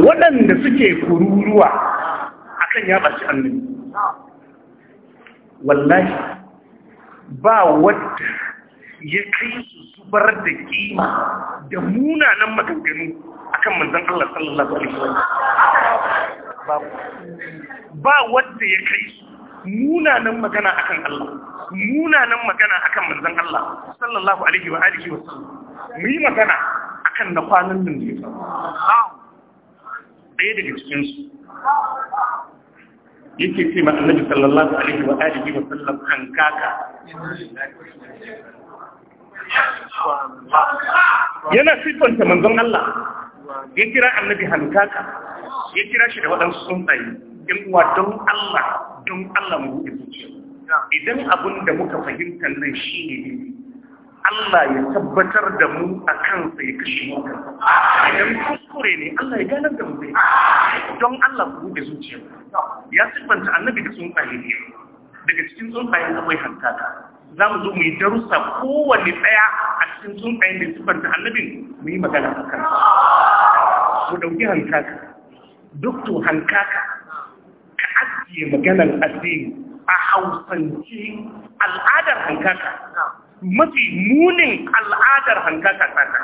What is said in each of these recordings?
waɗanda suke kururuwa akan ya ɓaci annabi wallahi ba wadda ya kai su zubar da kima da munanan maganganu akan manzan Allah sallallahu alaihi ba wadda ya kai su munanan magana akan Allah munanan magana kan manzan Allah sallallahu alaihi wa mu yi magana akan na kwanan nan da ya faru ɗaya daga cikinsu yake ce ma annabi sallallahu alaihi wa alihi wa sallam kan kaka yana siffanta manzon Allah ya kira annabi hankaka ya kira shi da waɗansu tsuntsaye ɗin uwa don Allah don Allah mu buɗe zuciya idan abin da muka fahimta nan shi ne Allah ya tabbatar da mu a kansa ya kashe mu idan kuskure ne Allah ya ganar da mu dai don Allah ku da zuciya ya siffanta annabi da sun tsuntsaye ne daga cikin tsuntsayen akwai ta za mu zo mu yi darussa kowanne tsaya a cikin tsuntsayen da siffanta annabin mu yi magana a kan mu ɗauki hankaka doktor hankaka ka ajiye maganar addini a hausance al'adar hankaka mafi munin al'adar hankaka sana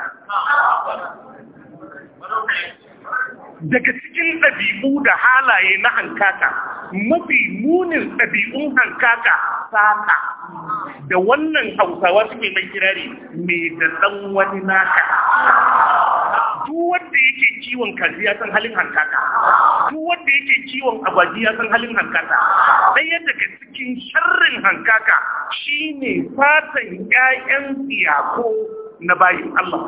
daga cikin ɗabi'u da halaye na hankaka mafi munin ɗabi'un hankaka saka da wannan hausawa suke mai kirari mai da ɗan wani naka duk wanda yake kiwon kaziya halin hankaka duk wanda yake kiwon agwaji ya san halin hankaka ɗaya daga cikin sharrin hankaka shine fatan ƴaƴan tsiyako na bayin Allah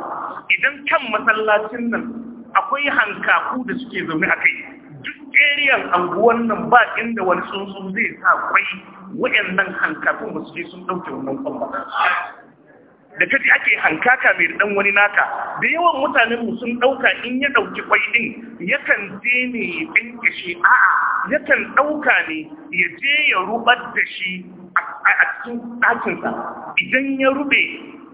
idan kan masallacin nan akwai hankaku da suke zaune a kai duk eriyan anguwan nan ba inda wani tsuntsu zai sa kwai wa'annan hankakun ba je sun ɗauke wannan kwan ba da kaji ake hankaka mai ɗan wani naka da yawan mutanen mu sun dauka in ya dauki kwai din yakan je ne ya a a'a yakan ɗauka ne ya je ya rubar da shi a cikin ɗakinsa idan ya rube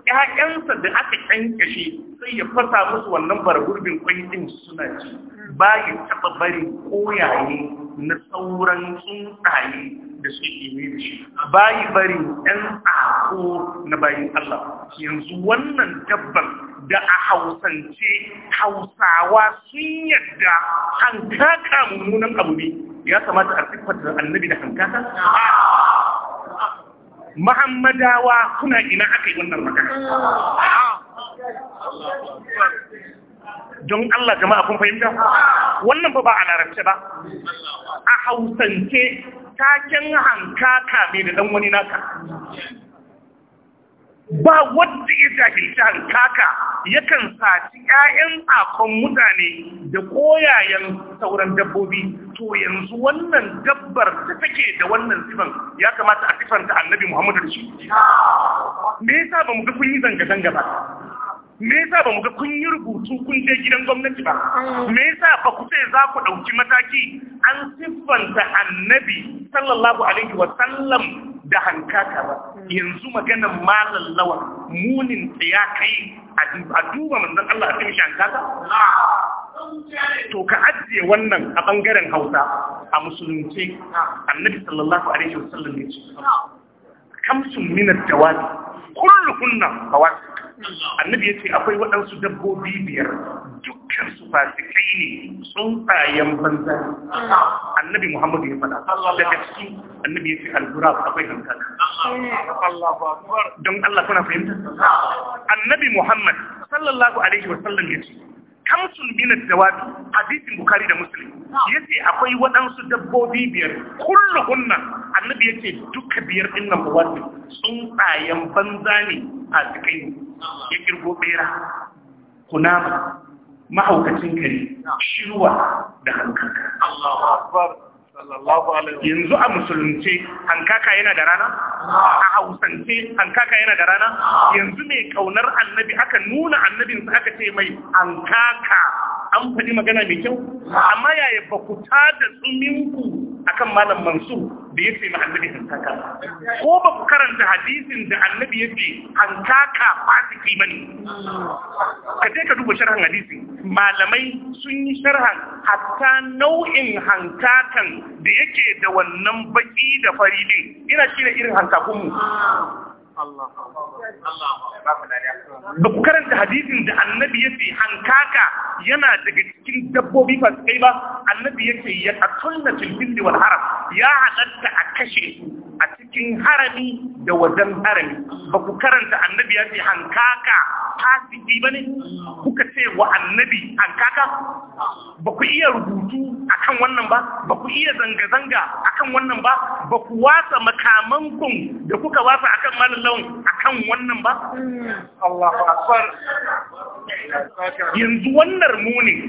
ƴaƴansa da aka kyankashi sai ya fasa musu wannan baragurbin kwai din suna ci ba ya taɓa bari koyaye na sauran tsuntsaye da su ilimi da shi bayi bari ɗan tsako na bayin Allah yanzu wannan dabban da a hausance hausawa sun yadda hankaka mummunan abu ne ya kamata a siffata annabi da hankaka Muhammadawa kuna ina aka yi wannan magana don Allah jama'a kun fahimta wannan ba ba a larabce ba a hausance taken hankaka ne da dan wani naka ba wadda ya jahilci hankaka yakan saci 'ya'yan akon mutane da koyayen sauran dabbobi to yanzu wannan dabbar ta take da wannan sifan ya kamata a sifanta annabi Muhammadu da shi me yasa ba mu ga kun yi zanga-zanga ba me yasa ba mu ga kun yi rubutu kun je gidan gwamnati ba mm. me yasa ba ku ce za ku ɗauki mataki an siffanta annabi sallallahu alaihi wa sallam da hankaka ba mm. yanzu maganar malam lawa munin ya kai a duba manzon Allah a cikin shi hankaka to ka ajiye wannan a bangaren Hausa a musulunci annabi sallallahu alaihi wa sallam ne kamsun minat jawabi kunna, fawasik annabi ya ce akwai waɗansu dabbobi biyar dukkan su fasikai ne tsayen banza annabi muhammadu ya faɗa daga cikin annabi ya ce albura akwai hankali don allah kuna fahimta annabi muhammad sallallahu alaihi wasallam ya ce kamsun bin dawabi hadisin bukhari da muslim ah. yace akwai waɗansu dabbobi biyar kulluhunna annabi yace duka biyar din nan sun tsayan banza ne a cikin ah. ya kirgo bera kunama mahaukacin kare ah. shirwa da hankali Allahu akbar yanzu a musulunce hankaka yana da rana a hausance hankaka yana da rana yanzu mai kaunar annabi aka nuna annabinsa aka ce mai hankaka an faɗi magana mai kyau amma yaya ba ku tada tsuminku akan malam Mansur da ya ma annabi hankaka ko ba ku karanta hadisin da annabi yake hankaka fasiki bane ka je ka duba sharhan hadisi malamai sun yi sharhan hatta nau'in hankakan da yake da wannan baki da fari din ina shi irin hankakun mu ba ku karanta hadisin da annabi ya fi hankaka yana daga cikin dabbobi fasikai ba annabi ya ce ya tsatunna filfilli wal haram ya halatta a kashe a cikin harami da wajen harami ba ku karanta annabi ya ce hankaka fasiki ba ne kuka ce wa annabi hankaka ba ku iya rubutu akan wannan ba ba ku iya zanga-zanga akan wannan ba ba ku wasa makamankun da kuka wasa akan a akan wannan ba yanzu wannan munin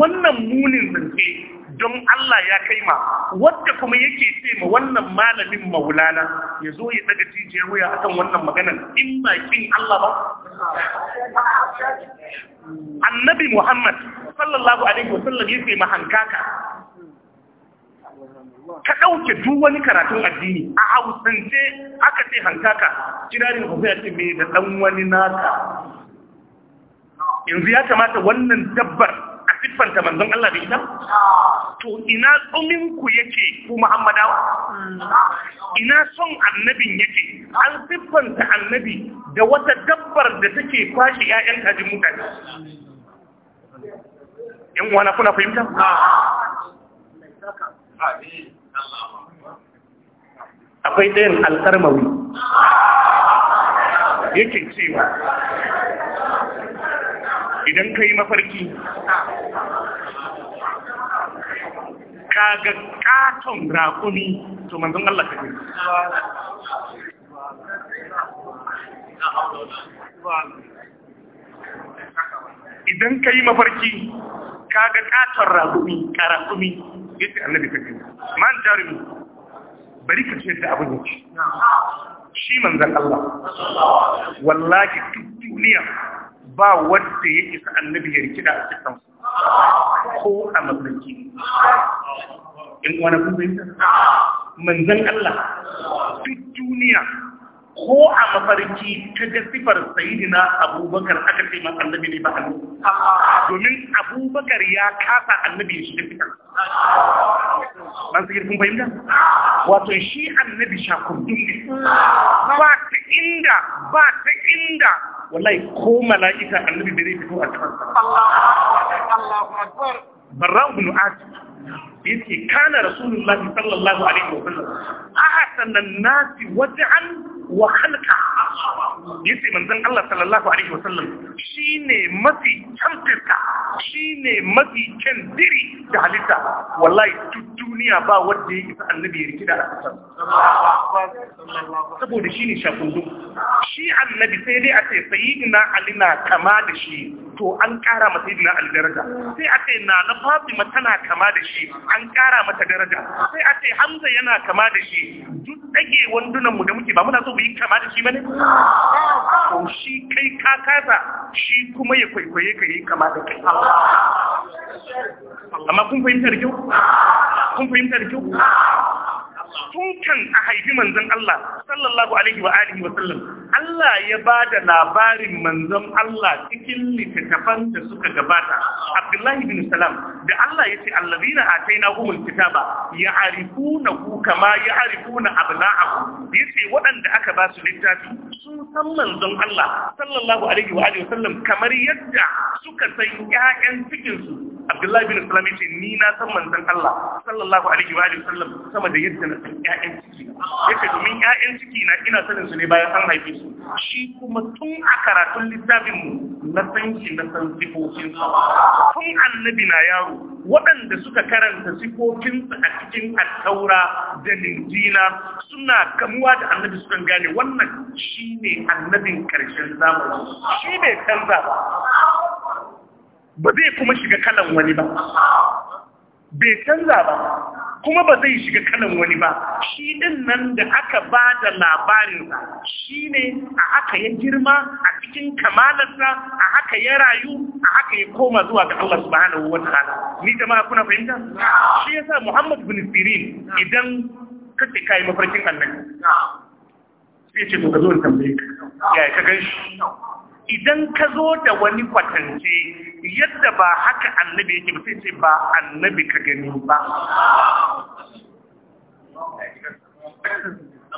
wannan munin zance don Allah ya kai ma wadda kuma yake ce ma wannan malamin maulana ya zo ya daga jijiyar wuya akan wannan maganan in ba kin Allah ba annabi Muhammad sallallahu alaihi wasallam ce ma hankaka ka ɗauke duk wani karatun addini a hausance aka ce hankaka kirarin ku ya ce me da ɗan wani naka yanzu ya kamata wannan dabbar siffanta manzon Allah da ita to ina tsumin ku yake ku Muhammadawa ina son annabin yake an siffanta annabi da wata dabbar da take kwashe 'ya'yan kajin mutane yan wana kuna fahimta akwai ɗayan alƙarmawi yake cewa idan ka yi mafarki ka ga katon rakuni to manzon Allah ka gani idan ka yi mafarki ka ga katon rakuni ka rakumi yadda annabi ka gani man jarumi bari ka ce da abin yake shi manzon Allah wallahi duk duniya ba wanda ya isa annabi ya rikida a cikin ko a mafarki in wani kuma yin manzan Allah duk duniya ko a mafarki ta ga sifar sayidina abubakar aka ce masa annabi ne ba hannu domin abubakar ya kasa annabi shi da fitar masu girkin fahimta wato shi annabi shakurdun ne ba ta inda ba ta inda wallahi ko mala'ika annabi bai fito a cikin sa Allahu akbar barra ibn ati yace kana rasulullahi sallallahu alaihi wasallam ahsana an-nas waj'an wa khalqa yace manzon Allah sallallahu alaihi wasallam shine mafi kyan fiska shine mafi kyan diri da halitta wallahi duniya ba wadda ya isa annabi ya rikida a kasar saboda shi ne shakundu shi annabi sai dai a ce sayidina ali na kama da shi to an kara masa sayidina ali daraja sai a ce na na fatima tana kama da shi an kara mata daraja sai a ce hamza yana kama da shi duk dage wandunan mu da muke ba muna so mu yi kama da shi bane to shi kai ka kasa shi kuma ya kwaikwaye ka yi kama da kai amma kun fahimtar kyau kun fahimta da kyau tun kan a haifi manzon Allah sallallahu alaihi wa alihi wa sallam Allah ya ba da labarin manzon Allah cikin littattafan da suka gabata Abdullahi bin Salam da Allah ya ce allazina atainahumul kitaba ku kama ya'rifuna abna'ahum yace waɗanda aka ba su littafi sun san manzon Allah sallallahu alaihi wa alihi wa sallam kamar yadda suka san ƴaƴan cikin su Abdullahi bin Islam yace ni na san manzon Allah sallallahu alaihi wa sallam sama da yadda na san ƴaƴan ciki Yake domin ƴaƴan ciki na ina sanin su ne bayan an haife su shi kuma tun a karatun littafin mu na san shi na san sifofin sa tun annabi na yaro waɗanda suka karanta sifofin sa a cikin at-taura da injila suna kamuwa da annabi sukan gane wannan shine annabin karshen zamani shi bai canza ba ba zai kuma shiga kalan wani ba bai canza ba kuma ba zai shiga kalan wani ba shi din nan da aka ba da labarin shi ne a haka ya girma a cikin kamalarsa a haka ya rayu a haka ya koma zuwa ga Allah subhanahu wa ta'ala ni jama'a kuna fahimta shi yasa Muhammad bin Sirin idan kake kai mafarkin annabi sai ce to ka zo ka tambaye ka ya ka ganshi idan ka zo da wani kwatance yadda ba haka annabi yake mutum ce ba annabi ka gani ba